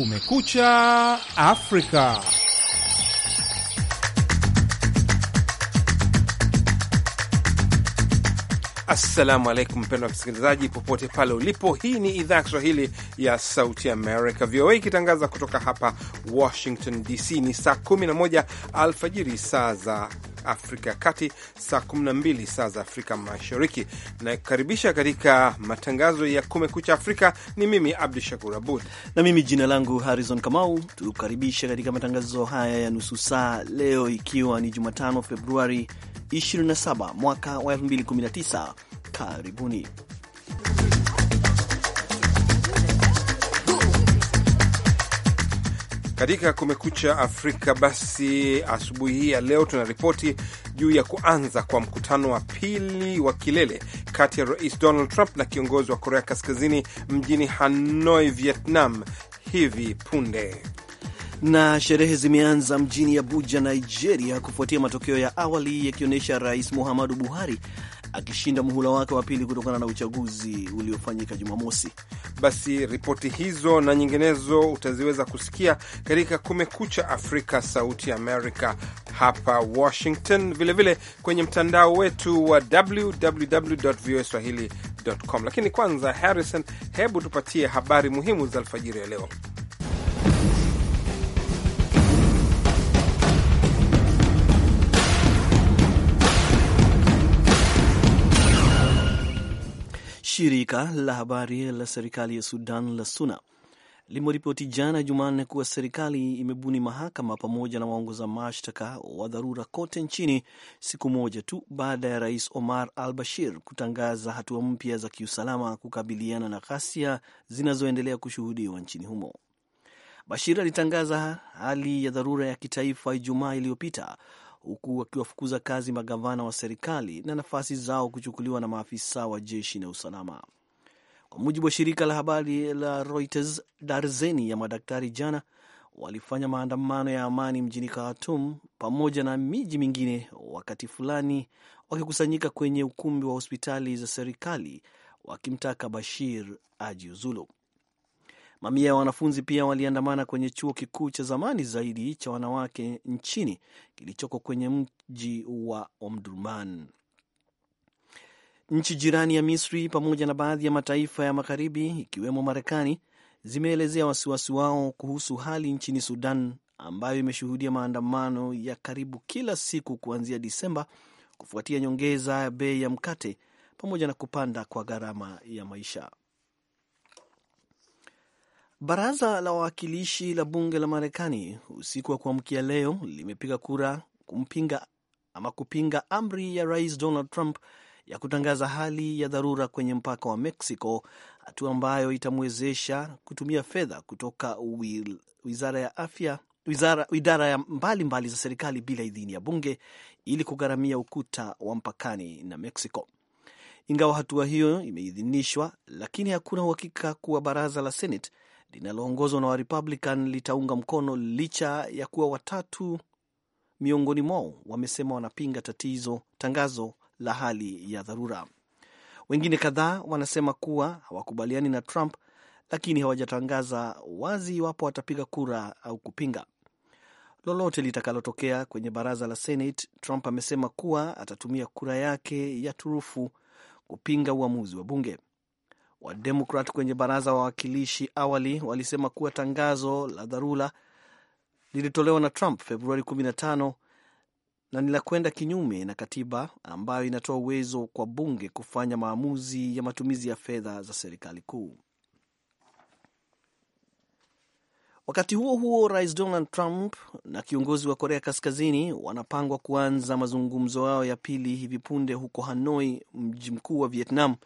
Kumekucha Afrika. Assalamu alaikum, mpendwa msikilizaji, popote pale ulipo. Hii ni idhaa ya Kiswahili ya Sauti Amerika, VOA, ikitangaza kutoka hapa Washington DC. Ni saa 11 alfajiri saa za Afrika ya Kati, saa 12 saa za Afrika Mashariki. Nakaribisha katika matangazo ya Kumekucha Afrika. Ni mimi Abdu Shakur Abud na mimi jina langu Harrison Kamau. tukaribisha katika matangazo haya ya nusu saa leo, ikiwa ni Jumatano Februari 27 mwaka wa 2019. Karibuni. katika Kumekucha Afrika. Basi asubuhi hii ya leo tuna ripoti juu ya kuanza kwa mkutano wa pili wa kilele kati ya Rais Donald Trump na kiongozi wa Korea Kaskazini mjini Hanoi, Vietnam hivi punde na sherehe zimeanza mjini Abuja, Nigeria, kufuatia matokeo ya awali yakionyesha Rais Muhammadu Buhari akishinda muhula wake wa pili kutokana na uchaguzi uliofanyika Jumamosi. Basi ripoti hizo na nyinginezo utaziweza kusikia katika Kumekucha Afrika, Sauti ya Amerika hapa Washington, vilevile vile kwenye mtandao wetu wa www voa swahili com. Lakini kwanza, Harrison, hebu tupatie habari muhimu za alfajiri ya leo. Shirika la habari la serikali ya Sudan la SUNA limeripoti jana Jumanne kuwa serikali imebuni mahakama pamoja na waongoza mashtaka wa dharura kote nchini, siku moja tu baada ya rais Omar al Bashir kutangaza hatua mpya za kiusalama kukabiliana na ghasia zinazoendelea kushuhudiwa nchini humo. Bashir alitangaza hali ya dharura ya kitaifa Ijumaa iliyopita huku wakiwafukuza kazi magavana wa serikali na nafasi zao kuchukuliwa na maafisa wa jeshi na usalama. Kwa mujibu wa shirika la habari la Reuters, darzeni ya madaktari jana walifanya maandamano ya amani mjini Khartoum pamoja na miji mingine, wakati fulani wakikusanyika kwenye ukumbi wa hospitali za serikali wakimtaka Bashir ajiuzulu. Mamia ya wanafunzi pia waliandamana kwenye chuo kikuu cha zamani zaidi cha wanawake nchini kilichoko kwenye mji wa Omdurman. Nchi jirani ya Misri pamoja na baadhi ya mataifa ya magharibi ikiwemo Marekani zimeelezea wasiwasi wao kuhusu hali nchini Sudan ambayo imeshuhudia maandamano ya karibu kila siku kuanzia Disemba kufuatia nyongeza ya bei ya mkate pamoja na kupanda kwa gharama ya maisha. Baraza la wawakilishi la bunge la Marekani usiku wa kuamkia leo limepiga kura kumpinga ama kupinga amri ya rais Donald Trump ya kutangaza hali ya dharura kwenye mpaka wa Mexico, hatua ambayo itamwezesha kutumia fedha kutoka wizara ya afya wizara, idara ya mbalimbali mbali za serikali bila idhini ya bunge ili kugharamia ukuta wa mpakani na Mexico. Ingawa hatua hiyo imeidhinishwa, lakini hakuna uhakika kuwa baraza la Senate linaloongozwa na Warepublican litaunga mkono licha ya kuwa watatu miongoni mwao wamesema wanapinga tatizo tangazo la hali ya dharura. Wengine kadhaa wanasema kuwa hawakubaliani na Trump, lakini hawajatangaza wazi iwapo watapiga kura au kupinga. Lolote litakalotokea kwenye baraza la Senate, Trump amesema kuwa atatumia kura yake ya turufu kupinga uamuzi wa bunge. Wademokrat kwenye baraza wa wawakilishi awali walisema kuwa tangazo la dharura lilitolewa na Trump Februari 15 na ni la kwenda kinyume na katiba ambayo inatoa uwezo kwa bunge kufanya maamuzi ya matumizi ya fedha za serikali kuu. Wakati huo huo, rais Donald Trump na kiongozi wa Korea Kaskazini wanapangwa kuanza mazungumzo yao ya pili hivi punde huko Hanoi, mji mkuu wa Vietnam,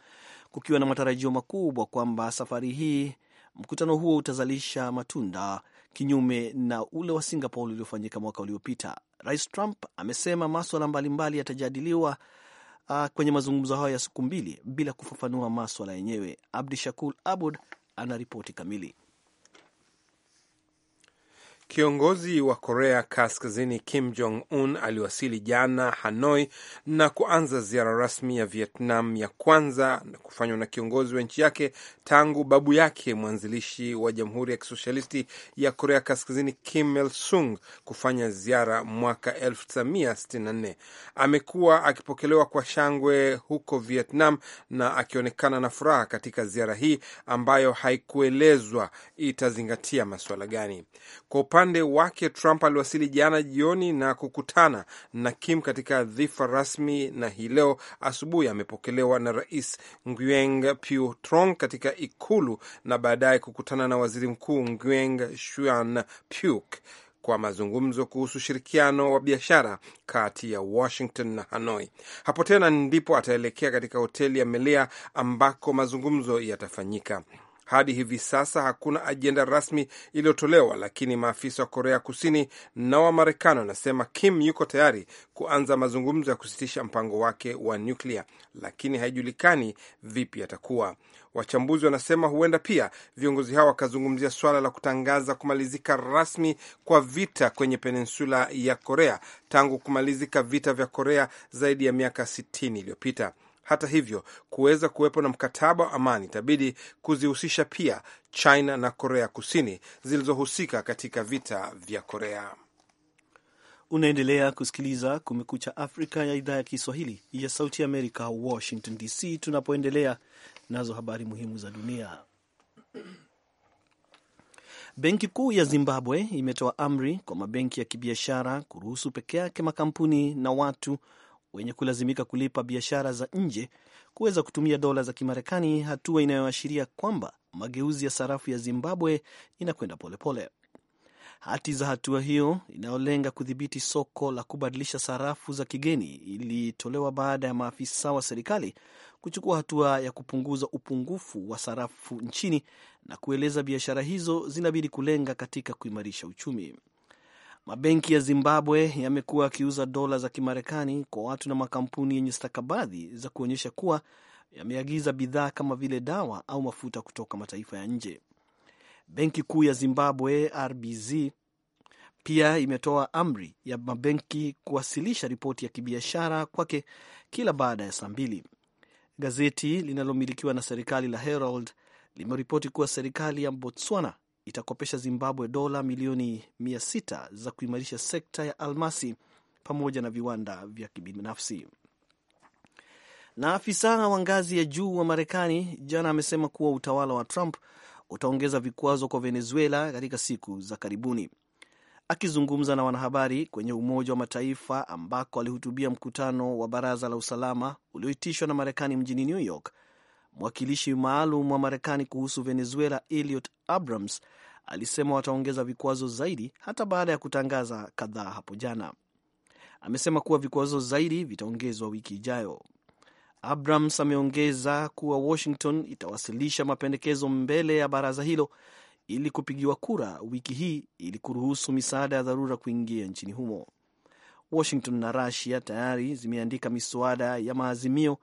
kukiwa na matarajio makubwa kwamba safari hii mkutano huo utazalisha matunda, kinyume na ule wa Singapore uliofanyika mwaka uliopita. Rais Trump amesema maswala mbalimbali yatajadiliwa uh, kwenye mazungumzo hayo ya siku mbili bila kufafanua maswala yenyewe. Abdi Shakur Abud ana ripoti kamili. Kiongozi wa Korea Kaskazini Kim Jong Un aliwasili jana Hanoi na kuanza ziara rasmi ya Vietnam ya kwanza na kufanywa na kiongozi wa nchi yake tangu babu yake mwanzilishi wa Jamhuri ya Kisosialisti ya Korea Kaskazini Kim Il Sung kufanya ziara mwaka 1964. Amekuwa akipokelewa kwa shangwe huko Vietnam na akionekana na furaha katika ziara hii ambayo haikuelezwa itazingatia masuala gani kwa upande wake, Trump aliwasili jana jioni na kukutana na Kim katika dhifa rasmi, na hii leo asubuhi amepokelewa na Rais Nguyen Phu Trong katika ikulu na baadaye kukutana na waziri mkuu Nguyen Xuan Phuc kwa mazungumzo kuhusu ushirikiano wa biashara kati ya Washington na Hanoi. Hapo tena ndipo ataelekea katika hoteli ya Melia ambako mazungumzo yatafanyika. Hadi hivi sasa hakuna ajenda rasmi iliyotolewa, lakini maafisa wa Korea Kusini na wa Marekani wanasema Kim yuko tayari kuanza mazungumzo ya kusitisha mpango wake wa nyuklia, lakini haijulikani vipi yatakuwa. Wachambuzi wanasema huenda pia viongozi hao wakazungumzia suala la kutangaza kumalizika rasmi kwa vita kwenye peninsula ya Korea tangu kumalizika vita vya Korea zaidi ya miaka 60 iliyopita. Hata hivyo, kuweza kuwepo na mkataba wa amani, itabidi kuzihusisha pia China na Korea Kusini zilizohusika katika vita vya Korea. Unaendelea kusikiliza Kumekucha Afrika ya idhaa ya Kiswahili ya Sauti ya Amerika, Washington DC, tunapoendelea nazo habari muhimu za dunia. Benki Kuu ya Zimbabwe imetoa amri kwa mabenki ya kibiashara kuruhusu peke yake makampuni na watu wenye kulazimika kulipa biashara za nje kuweza kutumia dola za Kimarekani, hatua inayoashiria kwamba mageuzi ya sarafu ya Zimbabwe inakwenda polepole. Hati za hatua hiyo inayolenga kudhibiti soko la kubadilisha sarafu za kigeni ilitolewa baada ya maafisa wa serikali kuchukua hatua ya kupunguza upungufu wa sarafu nchini na kueleza biashara hizo zinabidi kulenga katika kuimarisha uchumi. Mabenki ya Zimbabwe yamekuwa yakiuza dola za Kimarekani kwa watu na makampuni yenye stakabadhi za kuonyesha kuwa yameagiza bidhaa kama vile dawa au mafuta kutoka mataifa ya nje. Benki Kuu ya Zimbabwe, RBZ, pia imetoa amri ya mabenki kuwasilisha ripoti ya kibiashara kwake kila baada ya saa mbili. Gazeti linalomilikiwa na serikali la Herald limeripoti kuwa serikali ya Botswana itakopesha Zimbabwe dola milioni 6 za kuimarisha sekta ya almasi pamoja na viwanda vya kibinafsi. Na afisa wa ngazi ya juu wa Marekani jana amesema kuwa utawala wa Trump utaongeza vikwazo kwa Venezuela katika siku za karibuni. Akizungumza na wanahabari kwenye Umoja wa Mataifa ambako alihutubia mkutano wa Baraza la Usalama ulioitishwa na Marekani mjini New York, mwakilishi maalum wa Marekani kuhusu Venezuela Elliot Abrams alisema wataongeza vikwazo zaidi hata baada ya kutangaza kadhaa hapo jana. Amesema kuwa vikwazo zaidi vitaongezwa wiki ijayo. Abrams ameongeza kuwa Washington itawasilisha mapendekezo mbele ya baraza hilo ili kupigiwa kura wiki hii ili kuruhusu misaada ya dharura kuingia nchini humo. Washington na Russia tayari zimeandika miswada ya maazimio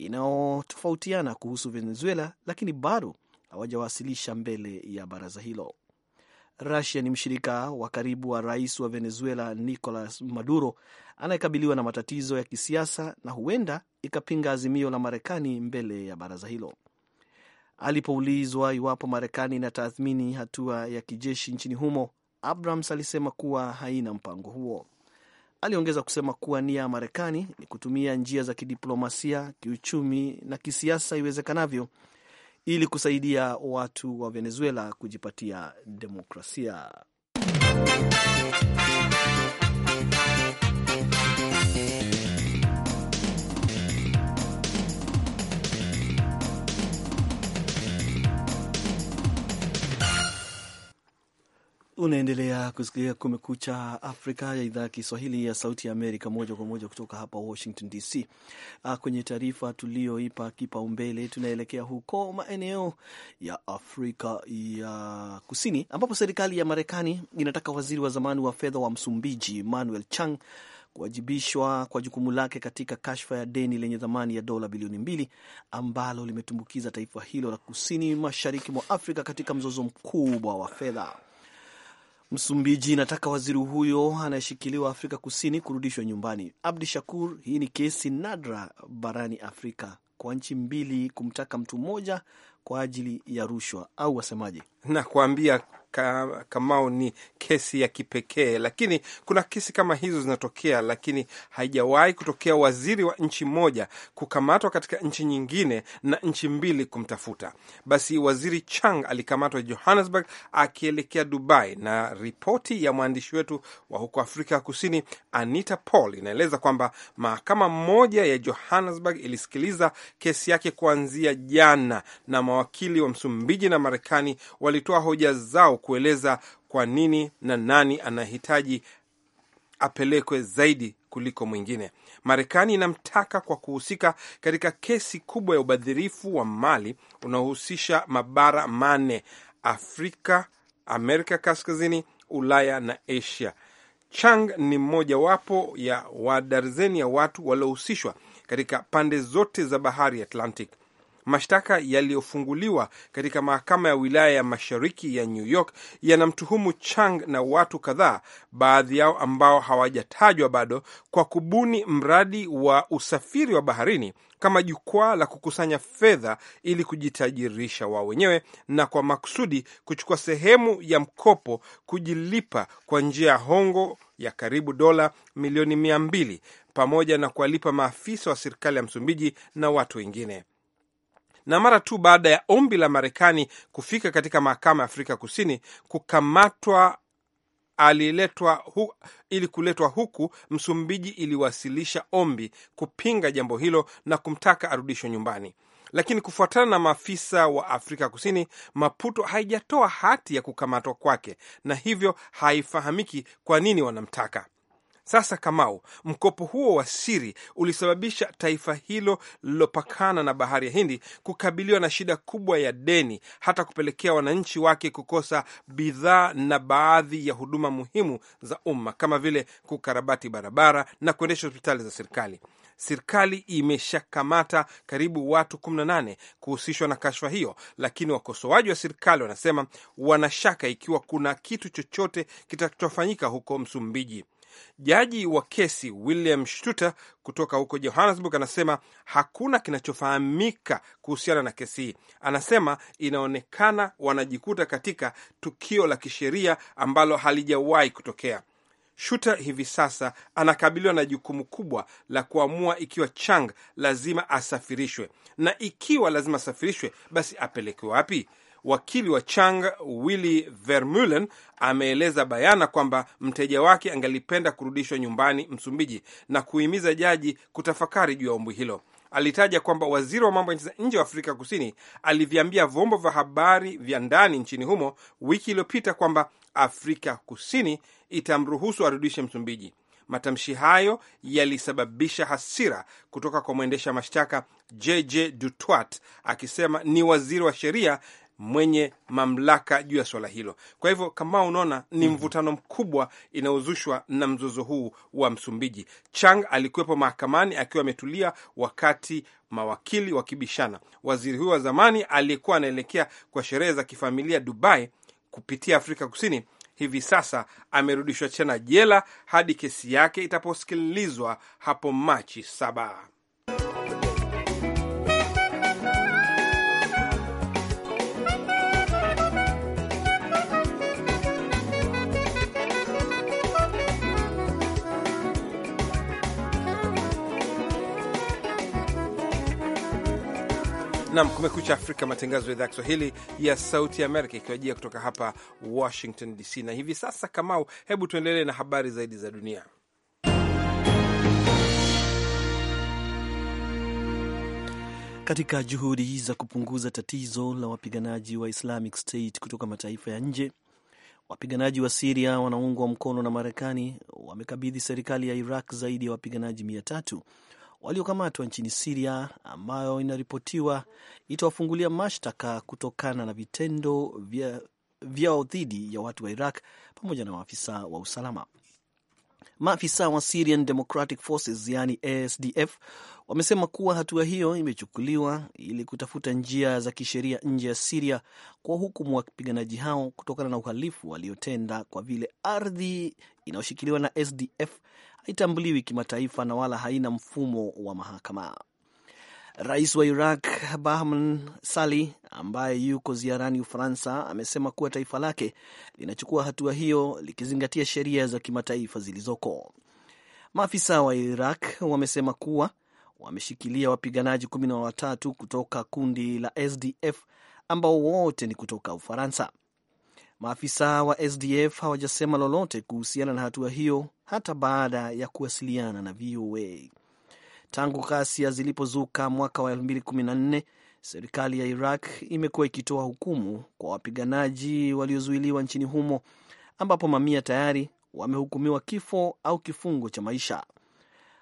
inayotofautiana kuhusu Venezuela, lakini bado hawajawasilisha mbele ya baraza hilo. Rusia ni mshirika wa karibu wa rais wa Venezuela Nicolas Maduro anayekabiliwa na matatizo ya kisiasa na huenda ikapinga azimio la Marekani mbele ya baraza hilo. Alipoulizwa iwapo Marekani inatathmini hatua ya kijeshi nchini humo, Abrams alisema kuwa haina mpango huo. Aliongeza kusema kuwa nia ya Marekani ni kutumia njia za kidiplomasia, kiuchumi na kisiasa iwezekanavyo ili kusaidia watu wa Venezuela kujipatia demokrasia. Unaendelea kusikiliza Kumekucha Afrika ya idhaa ya Kiswahili ya Sauti ya Amerika, moja kwa moja kutoka hapa Washington DC. Ah, kwenye taarifa tuliyoipa kipaumbele, tunaelekea huko maeneo ya Afrika ya Kusini, ambapo serikali ya Marekani inataka waziri wa zamani wa fedha wa Msumbiji Manuel Chang kuwajibishwa kwa jukumu lake katika kashfa ya deni lenye thamani ya dola bilioni mbili ambalo limetumbukiza taifa hilo la kusini mashariki mwa Afrika katika mzozo mkubwa wa fedha. Msumbiji inataka waziri huyo anayeshikiliwa Afrika Kusini kurudishwa nyumbani. Abdi Shakur, hii ni kesi nadra barani Afrika kwa nchi mbili kumtaka mtu mmoja kwa ajili ya rushwa, au wasemaje? nakuambia Kamau ni kesi ya kipekee, lakini kuna kesi kama hizo zinatokea, lakini haijawahi kutokea waziri wa nchi moja kukamatwa katika nchi nyingine na nchi mbili kumtafuta. Basi waziri Chang alikamatwa Johannesburg akielekea Dubai, na ripoti ya mwandishi wetu wa huko Afrika Kusini Anita Paul inaeleza kwamba mahakama moja ya Johannesburg ilisikiliza kesi yake kuanzia jana, na mawakili wa Msumbiji na Marekani walitoa hoja zao kueleza kwa nini na nani anahitaji apelekwe zaidi kuliko mwingine. Marekani inamtaka kwa kuhusika katika kesi kubwa ya ubadhirifu wa mali unaohusisha mabara manne: Afrika, Amerika Kaskazini, Ulaya na Asia. Chang ni mmojawapo ya wadarzeni ya watu waliohusishwa katika pande zote za bahari Atlantic. Mashtaka yaliyofunguliwa katika mahakama ya wilaya ya mashariki ya New York yanamtuhumu Chang na watu kadhaa, baadhi yao ambao hawajatajwa bado, kwa kubuni mradi wa usafiri wa baharini kama jukwaa la kukusanya fedha ili kujitajirisha wao wenyewe na kwa makusudi kuchukua sehemu ya mkopo kujilipa kwa njia ya hongo ya karibu dola milioni mia mbili pamoja na kuwalipa maafisa wa serikali ya Msumbiji na watu wengine na mara tu baada ya ombi la Marekani kufika katika mahakama ya Afrika Kusini kukamatwa aliletwa hu, ili kuletwa huku, Msumbiji iliwasilisha ombi kupinga jambo hilo na kumtaka arudishwe nyumbani, lakini kufuatana na maafisa wa Afrika Kusini, Maputo haijatoa hati ya kukamatwa kwake na hivyo haifahamiki kwa nini wanamtaka. Sasa Kamau, mkopo huo wa siri ulisababisha taifa hilo lililopakana na bahari ya Hindi kukabiliwa na shida kubwa ya deni, hata kupelekea wananchi wake kukosa bidhaa na baadhi ya huduma muhimu za umma kama vile kukarabati barabara na kuendesha hospitali za serikali. Serikali imeshakamata karibu watu 18 kuhusishwa na kashfa hiyo, lakini wakosoaji wa serikali wanasema wanashaka ikiwa kuna kitu chochote kitachofanyika huko Msumbiji. Jaji wa kesi William Shtuter kutoka huko Johannesburg anasema hakuna kinachofahamika kuhusiana na kesi hii. Anasema inaonekana wanajikuta katika tukio la kisheria ambalo halijawahi kutokea. Shooter hivi sasa anakabiliwa na jukumu kubwa la kuamua ikiwa Chang lazima asafirishwe, na ikiwa lazima asafirishwe, basi apelekwe wapi wakili wa Chang Willy Vermulen ameeleza bayana kwamba mteja wake angelipenda kurudishwa nyumbani Msumbiji na kuhimiza jaji kutafakari juu ya ombi hilo. Alitaja kwamba waziri wa mambo ya nje wa Afrika Kusini aliviambia vyombo vya habari vya ndani nchini humo wiki iliyopita kwamba Afrika Kusini itamruhusu arudishe Msumbiji. Matamshi hayo yalisababisha hasira kutoka kwa mwendesha mashtaka JJ Dutwat akisema ni waziri wa sheria mwenye mamlaka juu ya swala hilo. Kwa hivyo kama unaona ni mm-hmm. mvutano mkubwa inayozushwa na mzozo huu wa Msumbiji. Chang alikuwepo mahakamani akiwa ametulia wakati mawakili wakibishana. Waziri huyo wa zamani aliyekuwa anaelekea kwa sherehe za kifamilia Dubai kupitia Afrika Kusini hivi sasa amerudishwa tena jela hadi kesi yake itaposikilizwa hapo Machi saba. Nam Kumekucha Afrika, matangazo ya idhaa ya Kiswahili ya Sauti Amerika ikiwajia kutoka hapa Washington DC. Na hivi sasa, Kamau, hebu tuendelee na habari zaidi za dunia. Katika juhudi za kupunguza tatizo la wapiganaji wa Islamic State kutoka mataifa ya nje, wapiganaji wa Siria wanaungwa mkono na Marekani wamekabidhi serikali ya Iraq zaidi ya wapiganaji mia tatu waliokamatwa nchini Siria ambayo inaripotiwa itawafungulia mashtaka kutokana na vitendo vyao dhidi ya watu wa Iraq pamoja na maafisa wa usalama. Maafisa wa Syrian Democratic Forces yani ASDF wamesema kuwa hatua hiyo imechukuliwa ili kutafuta njia za kisheria nje ya Siria kwa hukumu wapiganaji hao kutokana na uhalifu waliotenda, kwa vile ardhi inayoshikiliwa na SDF haitambuliwi kimataifa na wala haina mfumo wa mahakama. Rais wa Iraq Bahman Sali, ambaye yuko ziarani Ufaransa, amesema kuwa taifa lake linachukua hatua hiyo likizingatia sheria za kimataifa zilizoko. Maafisa wa Iraq wamesema kuwa wameshikilia wapiganaji kumi na watatu kutoka kundi la SDF ambao wote ni kutoka Ufaransa. Maafisa wa SDF hawajasema lolote kuhusiana na hatua hiyo hata baada ya kuwasiliana na VOA. Tangu ghasia zilipozuka mwaka wa 2014 serikali ya Iraq imekuwa ikitoa hukumu kwa wapiganaji waliozuiliwa nchini humo, ambapo mamia tayari wamehukumiwa kifo au kifungo cha maisha.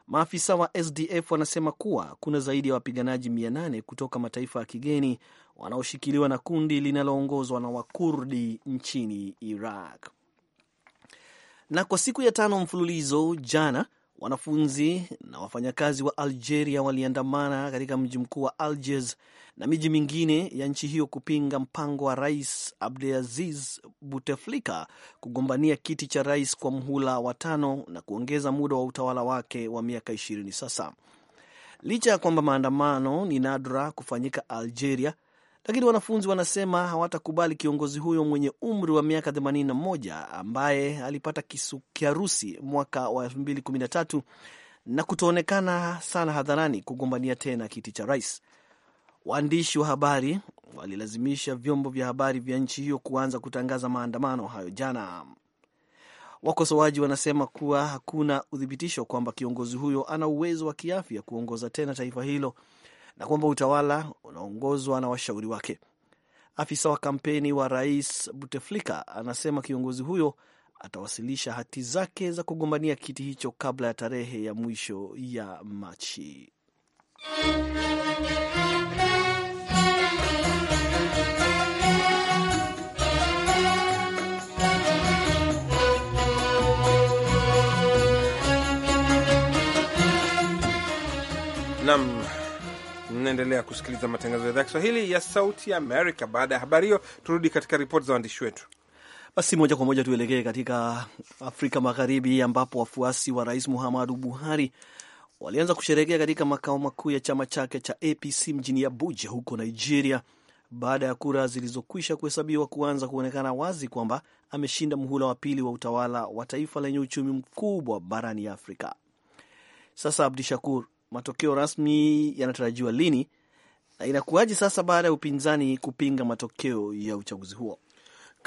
Maafisa wa SDF wanasema kuwa kuna zaidi ya wapiganaji 800 kutoka mataifa ya kigeni wanaoshikiliwa na kundi linaloongozwa na Wakurdi nchini Iraq. Na kwa siku ya tano mfululizo jana, wanafunzi na wafanyakazi wa Algeria waliandamana katika mji mkuu wa Algiers na miji mingine ya nchi hiyo kupinga mpango wa Rais Abdelaziz Bouteflika kugombania kiti cha rais kwa mhula wa tano na kuongeza muda wa utawala wake wa miaka ishirini sasa. Licha ya kwamba maandamano ni nadra kufanyika Algeria, lakini wanafunzi wanasema hawatakubali kiongozi huyo mwenye umri wa miaka 81 ambaye alipata kiharusi mwaka wa 2013 na kutoonekana sana hadharani kugombania tena kiti cha rais. Waandishi wa habari walilazimisha vyombo vya habari vya nchi hiyo kuanza kutangaza maandamano hayo jana. Wakosoaji wanasema kuwa hakuna uthibitisho kwamba kiongozi huyo ana uwezo wa kiafya kuongoza tena taifa hilo na kwamba utawala unaongozwa na washauri wake. Afisa wa kampeni wa rais Buteflika anasema kiongozi huyo atawasilisha hati zake za kugombania kiti hicho kabla ya tarehe ya mwisho ya Machi. Unaendelea kusikiliza matangazo ya idhaa Kiswahili ya Sauti Amerika. Baada ya habari hiyo, turudi katika ripoti za waandishi wetu. Basi moja kwa moja tuelekee katika Afrika Magharibi, ambapo wafuasi wa Rais Muhammadu Buhari walianza kusherehekea katika makao makuu ya chama chake cha APC mjini Abuja huko Nigeria, baada ya kura zilizokwisha kuhesabiwa kuanza kuonekana wazi kwamba ameshinda mhula wa pili wa utawala wa taifa lenye uchumi mkubwa barani ya Afrika. Sasa Abdi Shakur matokeo rasmi yanatarajiwa lini na inakuwaje sasa baada ya upinzani kupinga matokeo ya uchaguzi huo?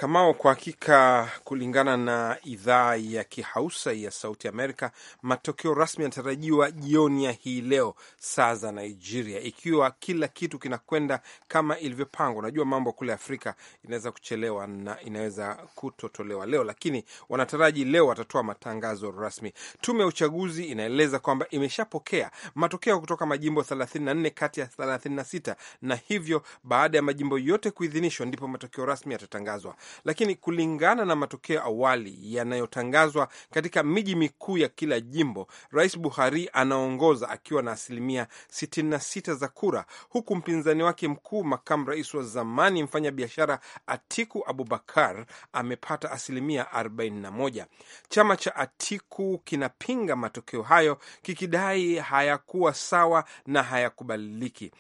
Kamao, kwa hakika, kulingana na idhaa ya Kihausa ya Sauti Amerika, matokeo rasmi yanatarajiwa jioni ya hii leo saa za Nigeria, ikiwa kila kitu kinakwenda kama ilivyopangwa. Unajua mambo kule Afrika inaweza kuchelewa na inaweza kutotolewa leo, lakini wanataraji leo watatoa matangazo rasmi. Tume ya uchaguzi inaeleza kwamba imeshapokea matokeo kutoka majimbo 34 kati ya 36 na hivyo baada ya majimbo yote kuidhinishwa ndipo matokeo rasmi yatatangazwa lakini kulingana na matokeo awali yanayotangazwa katika miji mikuu ya kila jimbo, Rais Buhari anaongoza akiwa na asilimia 66 za kura, huku mpinzani wake mkuu, makamu rais wa zamani, mfanya biashara Atiku Abubakar amepata asilimia 41. Chama cha Atiku kinapinga matokeo hayo kikidai hayakuwa sawa na hayakubaliki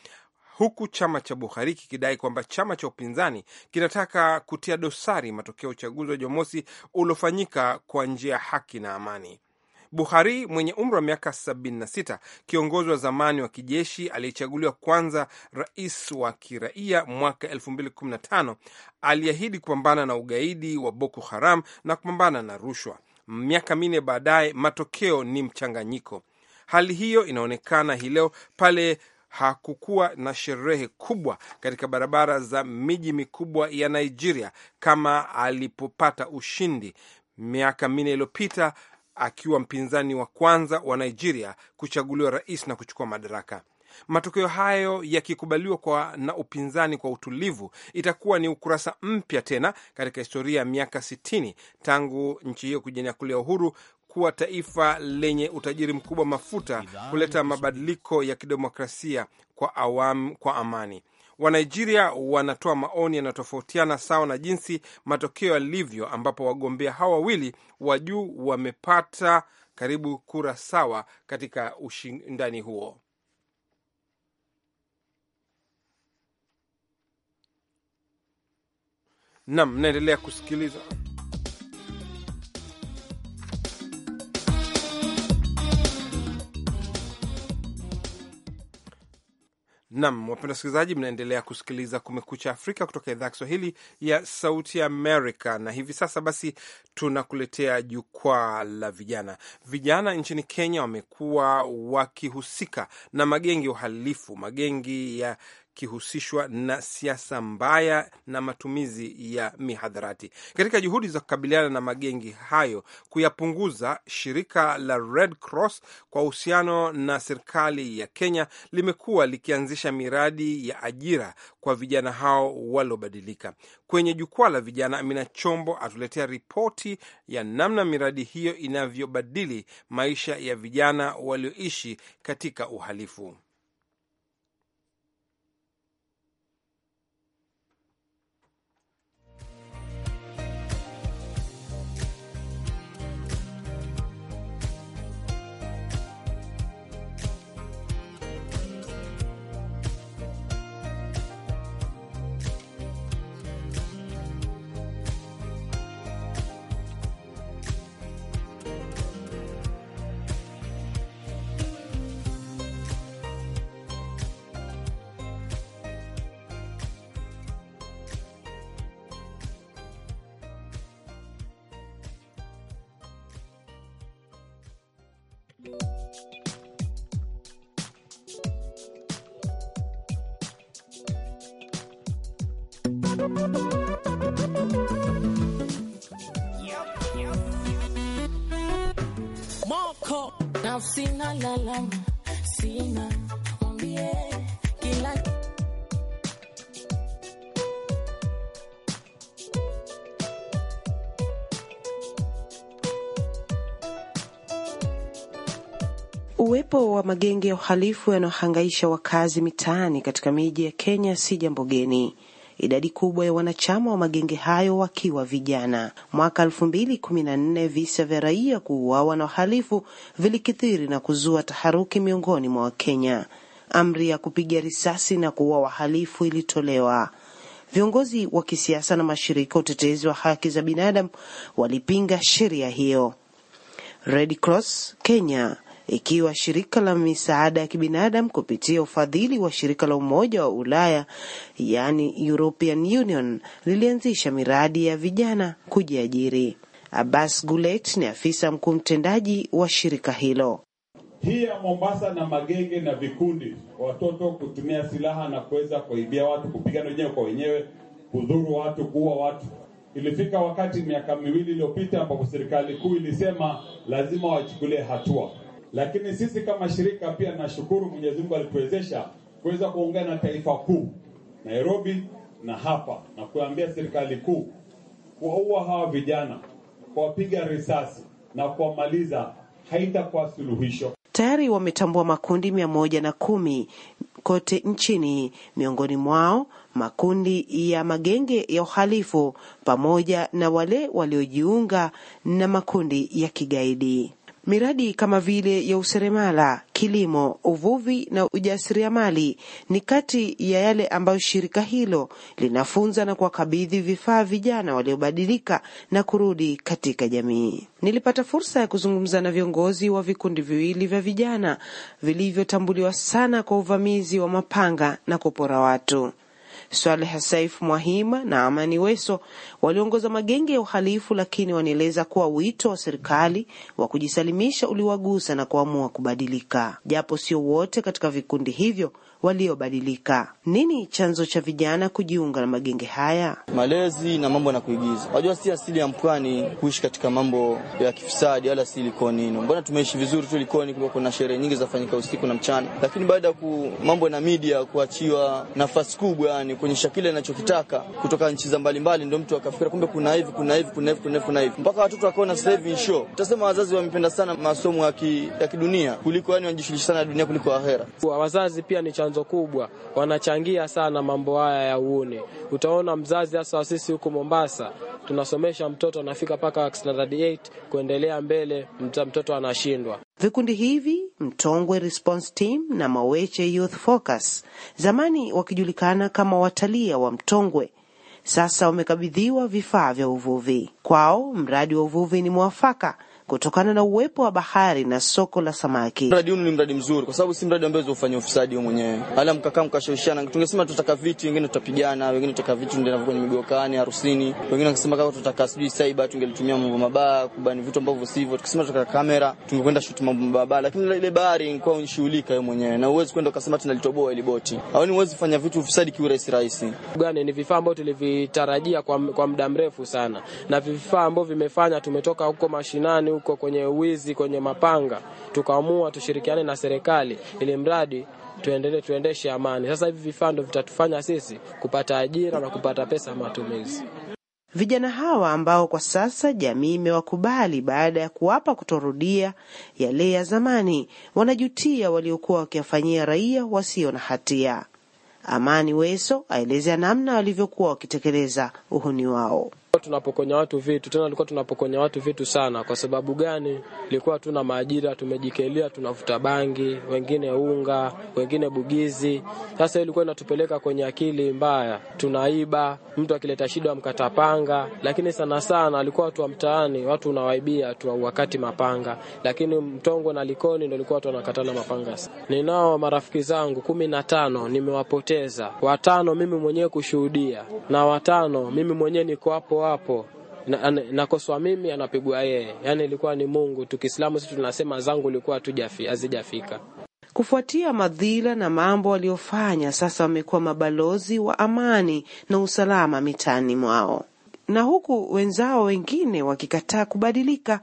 huku chama cha Buhari kikidai kwamba chama cha upinzani kinataka kutia dosari matokeo ya uchaguzi wa Jumamosi uliofanyika kwa njia ya haki na amani. Buhari mwenye umri wa miaka 76, kiongozi wa zamani wa kijeshi aliyechaguliwa kwanza rais wa kiraia mwaka 2015, aliahidi kupambana na ugaidi wa Boko Haram na kupambana na rushwa. Miaka minne baadaye, matokeo ni mchanganyiko. Hali hiyo inaonekana hii leo pale hakukuwa na sherehe kubwa katika barabara za miji mikubwa ya Nigeria kama alipopata ushindi miaka minne iliyopita akiwa mpinzani wa kwanza wa Nigeria kuchaguliwa rais na kuchukua madaraka. Matokeo hayo yakikubaliwa kwa na upinzani kwa utulivu, itakuwa ni ukurasa mpya tena katika historia ya miaka sitini tangu nchi hiyo kujinyakulia uhuru kuwa taifa lenye utajiri mkubwa mafuta kuleta mabadiliko ya kidemokrasia kwa awamu, kwa amani. Wanigeria wanatoa maoni yanayotofautiana sawa na jinsi matokeo yalivyo, ambapo wagombea hawa wawili wa juu wamepata karibu kura sawa katika ushindani huo. Nam, naendelea kusikiliza Nam, wapenda wasikilizaji, mnaendelea kusikiliza Kumekucha Afrika kutoka idhaa ya Kiswahili ya Sauti Amerika. Na hivi sasa basi, tunakuletea jukwaa la vijana. Vijana nchini Kenya wamekuwa wakihusika na magengi ya uhalifu, magengi ya kihusishwa na siasa mbaya na matumizi ya mihadharati. Katika juhudi za kukabiliana na magengi hayo kuyapunguza, shirika la Red Cross kwa uhusiano na serikali ya Kenya limekuwa likianzisha miradi ya ajira kwa vijana hao waliobadilika. Kwenye jukwaa la vijana, Amina Chombo atuletea ripoti ya namna miradi hiyo inavyobadili maisha ya vijana walioishi katika uhalifu. Moko, now sina la la, the mwambie Uwepo wa magenge ya uhalifu yanayohangaisha wakazi mitaani katika miji ya Kenya si jambo geni, idadi kubwa ya wanachama wa magenge hayo wakiwa vijana. Mwaka elfu mbili kumi na nne visa vya raia kuuawa na wahalifu vilikithiri na kuzua taharuki miongoni mwa Wakenya. Amri ya kupiga risasi na kuua wahalifu ilitolewa. Viongozi wa kisiasa na mashirika utetezi wa haki za binadamu walipinga sheria hiyo. Red Cross Kenya ikiwa shirika la misaada ya kibinadamu kupitia ufadhili wa shirika la Umoja wa Ulaya yaani European Union lilianzisha miradi ya vijana kujiajiri. Abbas Gulet ni afisa mkuu mtendaji wa shirika hilo. Hii ya Mombasa na magenge na vikundi, watoto kutumia silaha na kuweza kuibia watu, kupigana wenyewe kwa wenyewe, kudhuru watu, kuua watu. Ilifika wakati miaka miwili iliyopita ambapo serikali kuu ilisema lazima wachukulie hatua. Lakini sisi kama shirika pia nashukuru Mwenyezi Mungu alituwezesha kuweza kuongea na taifa kuu Nairobi na hapa na kuambia serikali kuu kuwaua hawa vijana, kuwapiga risasi na kuwamaliza haitakuwa suluhisho. Tayari wametambua makundi mia moja na kumi kote nchini, miongoni mwao makundi ya magenge ya uhalifu pamoja na wale waliojiunga na makundi ya kigaidi. Miradi kama vile ya useremala, kilimo, uvuvi na ujasiriamali ni kati ya yale ambayo shirika hilo linafunza na kuwakabidhi vifaa vijana waliobadilika na kurudi katika jamii. Nilipata fursa ya kuzungumza na viongozi wa vikundi viwili vya vijana vilivyotambuliwa sana kwa uvamizi wa mapanga na kupora watu. Swaleh Saif Mwahima na Amani Weso waliongoza magenge ya uhalifu, lakini wanaeleza kuwa wito wa serikali wa kujisalimisha uliwagusa na kuamua kubadilika, japo sio wote katika vikundi hivyo waliobadilika. Nini chanzo cha vijana kujiunga na magenge haya? Malezi na mambo na kuigiza. Wajua si asili ya mpwani kuishi katika mambo ya kifisadi, wala si Likoni Mbona tumeishi vizuri tu Likoni, kulikuwa kuna sherehe nyingi zinafanyika usiku na mchana, lakini baada ya mambo na media kuachiwa nafasi kubwa, yani kuonyesha kile anachokitaka kutoka nchi za mbalimbali, ndio mtu akafikira kumbe kuna hivi kuna hivi kuna hivi kuna hivi kuna hivi, mpaka watoto wakaona sasa hivi show. Utasema wazazi wamependa sana masomo ya kidunia kuliko yani wanajishughulisha sana dunia kuliko ahera. Wazazi pia ni chanzo chanzo kubwa, wanachangia sana mambo haya ya uone. Utaona mzazi hasa sisi huku Mombasa tunasomesha mtoto anafika mpaka standard 8 kuendelea mbele, mtoto anashindwa. Vikundi hivi Mtongwe Response Team na Maweche Youth Focus, zamani wakijulikana kama watalia wa Mtongwe, sasa wamekabidhiwa vifaa vya uvuvi. Kwao mradi wa uvuvi ni mwafaka kutokana na uwepo wa bahari na soko la samaki. Mradi huu ni mradi mzuri, kwa sababu si mradi ambao ufanya ufisadi wewe mwenyewe, ala mkakaa mkashoshana. Tungesema tutaka viti, wengine tutapigana, wengine tutaka viti ndio kwenye migokani, harusini, wengine wakisema kama tutaka sijui cyber, tungelitumia mambo mabaya kubani vitu ambavyo sivyo. Tukisema tutaka kamera, tungekwenda shoot mambo mabaya, lakini ile bahari ilikuwa unishughulika wewe mwenyewe, na uwezi kwenda ukasema tunalitoboa ile boti, au ni uwezi fanya vitu ufisadi kiurahisi rahisi gani. Ni vifaa ambavyo tulivitarajia kwa, kwa muda mrefu sana, na vifaa ambavyo vimefanya tumetoka huko mashinani huko kwenye wizi, kwenye mapanga, tukaamua tushirikiane na serikali ili mradi tuendelee tuendeshe amani. Sasa hivi vifaa ndio vitatufanya sisi kupata ajira na kupata pesa matumizi. Vijana hawa ambao kwa sasa jamii imewakubali baada ya kuwapa kutorudia yale ya zamani, wanajutia waliokuwa wakiwafanyia raia wasio na hatia. Amani Weso aelezea namna walivyokuwa wakitekeleza uhuni wao tunapokonya watu vitu tena, tulikuwa tunapokonya watu vitu sana. Kwa sababu gani? Ilikuwa tuna maajira, tumejikelia, tunavuta bangi, wengine unga, wengine bugizi. Sasa ilikuwa inatupeleka kwenye akili mbaya, tunaiba. Mtu akileta shida mkata panga, lakini sana sana alikuwa watu wa mtaani, watu unawaibia tu wakati mapanga, lakini mtongo na likoni ndio alikuwa watu wanakatana mapanga. Ninao marafiki zangu kumi na tano, nimewapoteza watano mimi mwenyewe kushuhudia na watano mimi mwenyewe niko hapo hapo na, nakoswa mimi anapigwa yeye, yaani ilikuwa ni Mungu tu. Kiislamu sisi tunasema zangu ilikuwa hazijafika. Kufuatia madhila na mambo waliofanya, sasa wamekuwa mabalozi wa amani na usalama mitaani mwao, na huku wenzao wengine wakikataa kubadilika,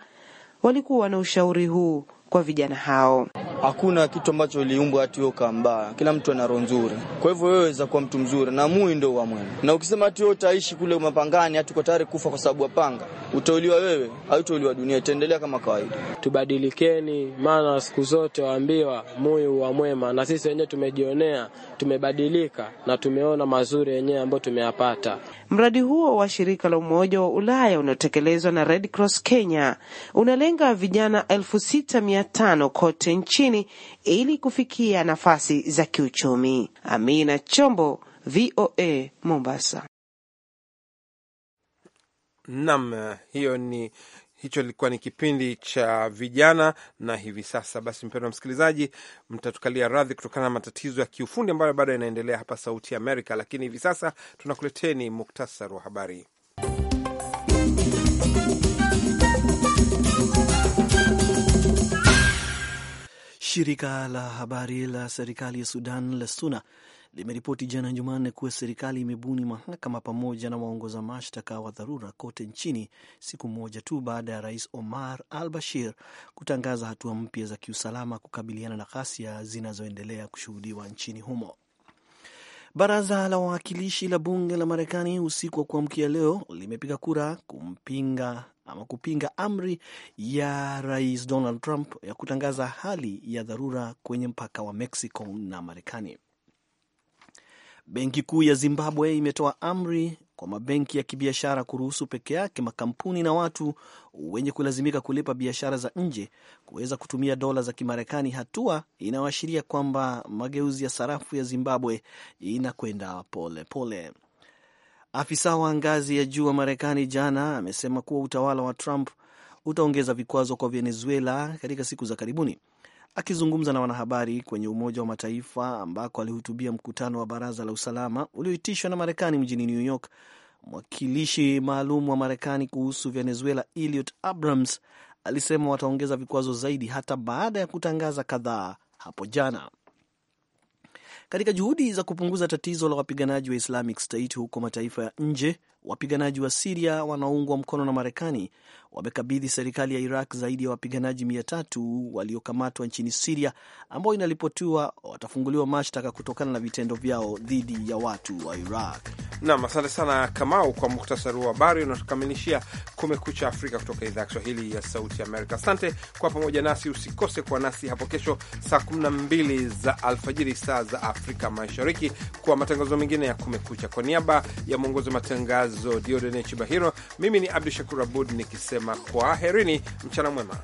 walikuwa na ushauri huu kwa vijana hao hakuna kitu ambacho iliumbwa ati yoka mbaya. Kila mtu ana roho nzuri, kwa hivyo wewe weza kuwa mtu mzuri na mui ndio wa mwema. Na ukisema ati wewe utaishi kule mapangani, hata uko tayari kufa kwa sababu ya panga, utauliwa wewe au utauliwa dunia, itaendelea kama kawaida. Tubadilikeni, maana siku zote waambiwa mui wa mwema, na sisi wenyewe tumejionea, tumebadilika na tumeona mazuri yenyewe ambayo tumeyapata. Mradi huo wa shirika la Umoja wa Ulaya unaotekelezwa na Red Cross Kenya unalenga vijana elfu sita mia tano kote nchini nchini ili kufikia nafasi za kiuchumi. Amina Chombo, VOA Mombasa. Nam, hiyo ni hicho ilikuwa ni kipindi cha vijana, na hivi sasa basi, mpendwa msikilizaji, mtatukalia radhi kutokana na matatizo ya kiufundi ambayo bado yanaendelea hapa Sauti Amerika, lakini hivi sasa tunakuleteni muktasar wa habari. Shirika la habari la serikali ya Sudan la SUNA limeripoti jana Jumanne kuwa serikali imebuni mahakama pamoja na waongoza mashtaka wa dharura kote nchini, siku moja tu baada ya rais Omar al Bashir kutangaza hatua mpya za kiusalama kukabiliana na ghasia zinazoendelea kushuhudiwa nchini humo. Baraza la wawakilishi la bunge la Marekani usiku wa kuamkia leo limepiga kura kumpinga ama kupinga amri ya Rais Donald Trump ya kutangaza hali ya dharura kwenye mpaka wa Mexico na Marekani. Benki Kuu ya Zimbabwe imetoa amri kwa mabenki ya kibiashara kuruhusu peke yake makampuni na watu wenye kulazimika kulipa biashara za nje kuweza kutumia dola za Kimarekani, hatua inayoashiria kwamba mageuzi ya sarafu ya Zimbabwe inakwenda polepole pole. Afisa wa ngazi ya juu wa Marekani jana amesema kuwa utawala wa Trump utaongeza vikwazo kwa Venezuela katika siku za karibuni. Akizungumza na wanahabari kwenye Umoja wa Mataifa ambako alihutubia mkutano wa Baraza la Usalama ulioitishwa na Marekani mjini New York, mwakilishi maalum wa Marekani kuhusu Venezuela Elliot Abrams alisema wataongeza vikwazo zaidi hata baada ya kutangaza kadhaa hapo jana katika juhudi za kupunguza tatizo la wapiganaji wa Islamic State huko mataifa ya nje Wapiganaji wa Siria wanaoungwa mkono na Marekani wamekabidhi serikali ya Iraq zaidi ya wapiganaji mia tatu waliokamatwa nchini Siria ambao inaripotiwa watafunguliwa mashtaka kutokana na vitendo vyao dhidi ya watu wa Iraq. Nam, asante sana Kamau kwa muktasari wa habari unatukamilishia Kumekucha Afrika kutoka idhaa ya Kiswahili ya Sauti Amerika. Asante kwa pamoja nasi, usikose kuwa nasi hapo kesho saa 12 za alfajiri saa za Afrika Mashariki kwa matangazo mengine ya Kumekucha. Kwa niaba ya mwongozi wa matangazo matangazo Diodene Chibahiro. Mimi ni Abdu Shakur Abud nikisema kwaherini, mchana mwema.